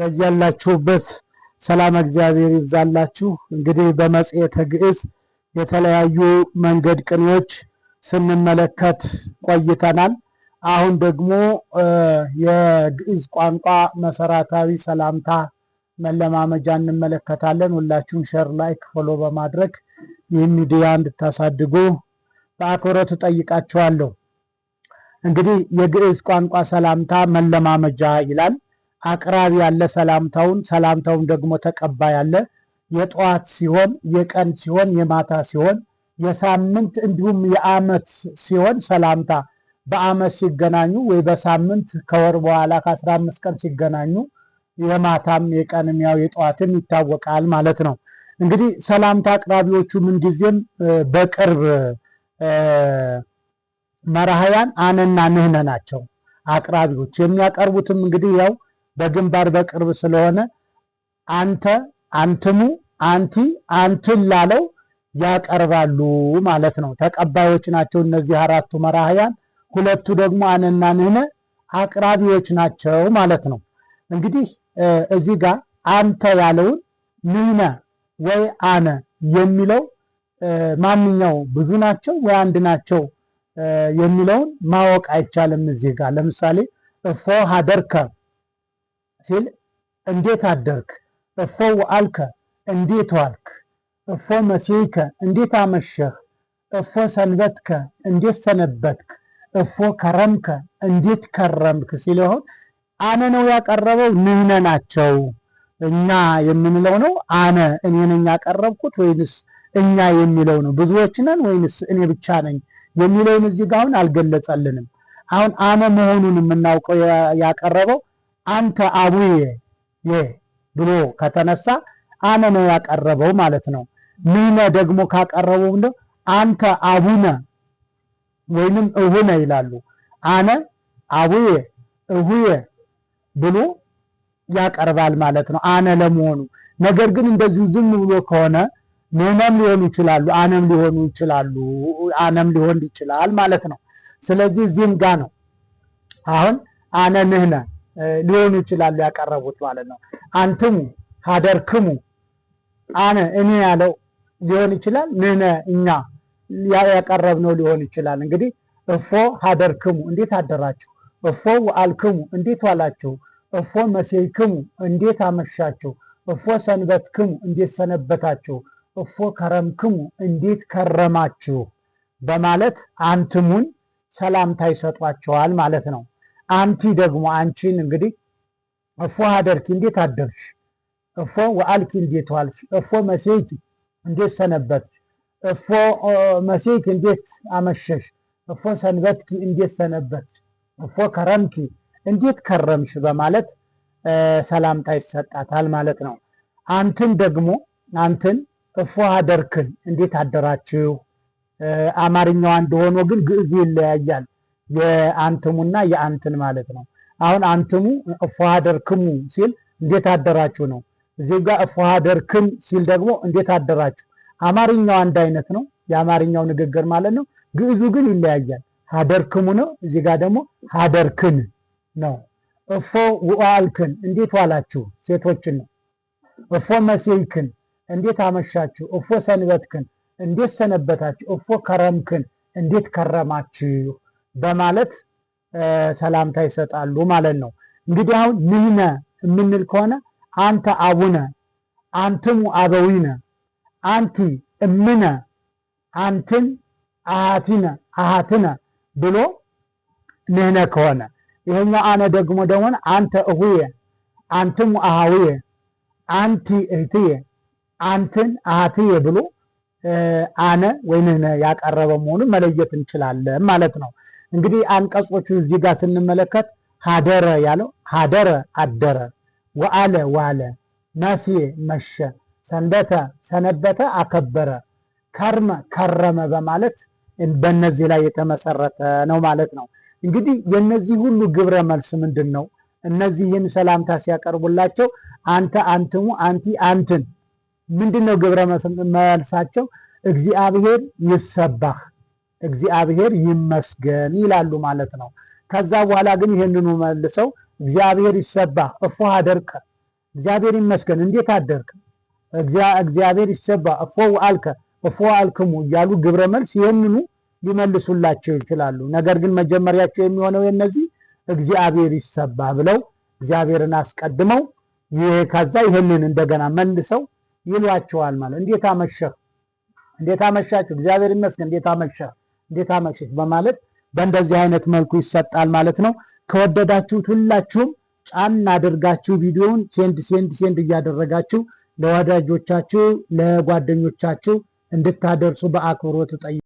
በያላችሁበት ሰላም እግዚአብሔር ይብዛላችሁ። እንግዲህ በመጽሔተ ግዕዝ የተለያዩ መንገድ ቅኔዎች ስንመለከት ቆይተናል። አሁን ደግሞ የግዕዝ ቋንቋ መሰረታዊ ሰላምታ መለማመጃ እንመለከታለን። ሁላችሁም ሸር፣ ላይክ፣ ፎሎ በማድረግ ይህ ሚዲያ እንድታሳድጉ በአክብሮት እጠይቃችኋለሁ። እንግዲህ የግዕዝ ቋንቋ ሰላምታ መለማመጃ ይላል። አቅራቢ ያለ ሰላምታውን ሰላምታውን ደግሞ ተቀባይ ያለ የጠዋት ሲሆን የቀን ሲሆን የማታ ሲሆን የሳምንት እንዲሁም የዓመት ሲሆን ሰላምታ በዓመት ሲገናኙ ወይ በሳምንት ከወር በኋላ ከአስራ አምስት ቀን ሲገናኙ የማታም የቀንም ያው የጠዋትም ይታወቃል ማለት ነው። እንግዲህ ሰላምታ አቅራቢዎቹ ምንጊዜም በቅርብ መራህያን አነና ንህነ ናቸው። አቅራቢዎች የሚያቀርቡትም እንግዲህ ያው በግንባር በቅርብ ስለሆነ አንተ፣ አንትሙ፣ አንቲ፣ አንትን ላለው ያቀርባሉ ማለት ነው። ተቀባዮች ናቸው እነዚህ አራቱ መራህያን። ሁለቱ ደግሞ አነና ንህነ አቅራቢዎች ናቸው ማለት ነው። እንግዲህ እዚህ ጋር አንተ ያለውን ንህነ ወይ አነ የሚለው ማንኛው ብዙ ናቸው ወይ አንድ ናቸው የሚለውን ማወቅ አይቻልም። እዚህ ጋር ለምሳሌ እፎ ሀደርከ ሲል እንዴት አደርክ፣ እፎ ወአልከ እንዴት ዋልክ፣ እፎ መሴከ እንዴት አመሸህ፣ እፎ ሰንበትከ እንዴት ሰነበትክ፣ እፎ ከረምከ እንዴት ከረምክ ሲለሆን አነ ነው ያቀረበው። ንህነ ናቸው እኛ የምንለው ነው። አነ እኔ ነኝ ያቀረብኩት ወይንስ እኛ የሚለው ነው። ብዙዎች ነን ወይንስ እኔ ብቻ ነኝ የሚለውን እዚህ ጋር አሁን አልገለጸልንም። አሁን አነ መሆኑን የምናውቀው ያቀረበው አንተ አቡዬ ብሎ ከተነሳ አነ ነው ያቀረበው ማለት ነው። ምነ ደግሞ ካቀረበው እንደ አንተ አቡነ ወይንም እሁነ ይላሉ። አነ አቡዬ እሁዬ ብሎ ያቀርባል ማለት ነው። አነ ለመሆኑ ነገር ግን እንደዚሁ ዝም ብሎ ከሆነ ምዕመም ሊሆኑ ይችላሉ፣ አነም ሊሆኑ ይችላሉ፣ አነም ሊሆን ይችላል ማለት ነው። ስለዚህ እዚህም ጋ ነው አሁን አነ ንህነ ሊሆኑ ይችላሉ ያቀረቡት ማለት ነው። አንትሙ ሀደርክሙ አነ እኔ ያለው ሊሆን ይችላል። ንነ እኛ ያቀረብነው ሊሆን ይችላል። እንግዲህ እፎ ሀደርክሙ እንዴት አደራችሁ፣ እፎ ወአልክሙ እንዴት ዋላችሁ፣ እፎ መሴይክሙ እንዴት አመሻችሁ፣ እፎ ሰንበትክሙ እንዴት ሰነበታችሁ፣ እፎ ከረምክሙ እንዴት ከረማችሁ በማለት አንትሙን ሰላምታ ይሰጧቸዋል ማለት ነው። አንቲ ደግሞ አንቺን እንግዲህ እፎ ሀደርኪ እንዴት አደርሽ፣ እፎ ወአልኪ እንዴት ዋልሽ፣ እፎ መሴኪ እንዴት ሰነበትሽ፣ እፎ መሴኪ እንዴት አመሸሽ፣ እፎ ሰንበትኪ እንዴት ሰነበትሽ፣ እፎ ከረምኪ እንዴት ከረምሽ በማለት ሰላምታ ይሰጣታል ማለት ነው። አንትን ደግሞ አንትን እፎ ሀደርክን እንዴት አደራችሁ። አማርኛዋ ሆኖ ግን ግዕዙ ይለያያል። የአንትሙና የአንትን ማለት ነው። አሁን አንትሙ እፎሃደርክሙ ሲል እንዴት አደራችሁ ነው። እዚህ ጋር እፎሃደርክም ሲል ደግሞ እንዴት አደራችሁ። አማርኛው አንድ አይነት ነው የአማርኛው ንግግር ማለት ነው። ግዕዙ ግን ይለያያል። ሀደርክሙ ነው። እዚህ ጋር ደግሞ ሀደርክን ነው። እፎ ውአልክን እንዴት ዋላችሁ፣ ሴቶችን ነው። እፎ መሴይክን እንዴት አመሻችሁ። እፎ ሰንበትክን እንዴት ሰነበታችሁ። እፎ ከረምክን እንዴት ከረማችሁ በማለት ሰላምታ ይሰጣሉ ማለት ነው። እንግዲህ አሁን ንሕነ የምንል ከሆነ አንተ አቡነ፣ አንትሙ አበዊነ፣ አንቲ እምነ፣ አንትን አሃቲነ፣ አሃትነ ብሎ ንሕነ ከሆነ ይሄኛው አነ ደግሞ ደግሞ አንተ እሁየ፣ አንትሙ አሃውየ፣ አንቲ እህትየ፣ አንትን አሃትየ ብሎ አነ ወይ ንሕነ ያቀረበ መሆኑን መለየት እንችላለን ማለት ነው። እንግዲህ አንቀጾቹን እዚህ ጋር ስንመለከት ሀደረ ያለው ሀደረ አደረ፣ ወአለ ዋለ፣ መሴ መሸ፣ ሰንበተ ሰነበተ፣ አከበረ፣ ከርመ ከረመ በማለት በእነዚህ ላይ የተመሰረተ ነው ማለት ነው። እንግዲህ የእነዚህ ሁሉ ግብረ መልስ ምንድን ነው? እነዚህን ሰላምታ ሲያቀርቡላቸው አንተ፣ አንትሙ፣ አንቲ፣ አንትን ምንድን ነው ግብረ መልሳቸው? እግዚአብሔር ይሰባህ እግዚአብሔር ይመስገን ይላሉ ማለት ነው። ከዛ በኋላ ግን ይህንኑ መልሰው እግዚአብሔር ይሰባ እፎ አደርከ፣ እግዚአብሔር ይመስገን እንዴት አደርከ፣ እግዚአብሔር ይሰባ እፎ አልከ፣ እፎ አልክሙ እያሉ ግብረ መልስ ይህንኑ ሊመልሱላቸው ይችላሉ። ነገር ግን መጀመሪያቸው የሚሆነው የነዚህ እግዚአብሔር ይሰባ ብለው እግዚአብሔርን አስቀድመው ከዛ ይህንን እንደገና መልሰው ይሏቸዋል ማለት እንዴት አመሸህ፣ እንዴት አመሻችሁ፣ እግዚአብሔር ይመስገን እንዴት አመሸህ እንዴት አመሸህ በማለት በእንደዚህ አይነት መልኩ ይሰጣል ማለት ነው። ከወደዳችሁት ሁላችሁም ጫን አድርጋችሁ ቪዲዮውን ሴንድ ሴንድ ሴንድ እያደረጋችሁ ለወዳጆቻችሁ ለጓደኞቻችሁ እንድታደርሱ በአክብሮት ጠይቁ።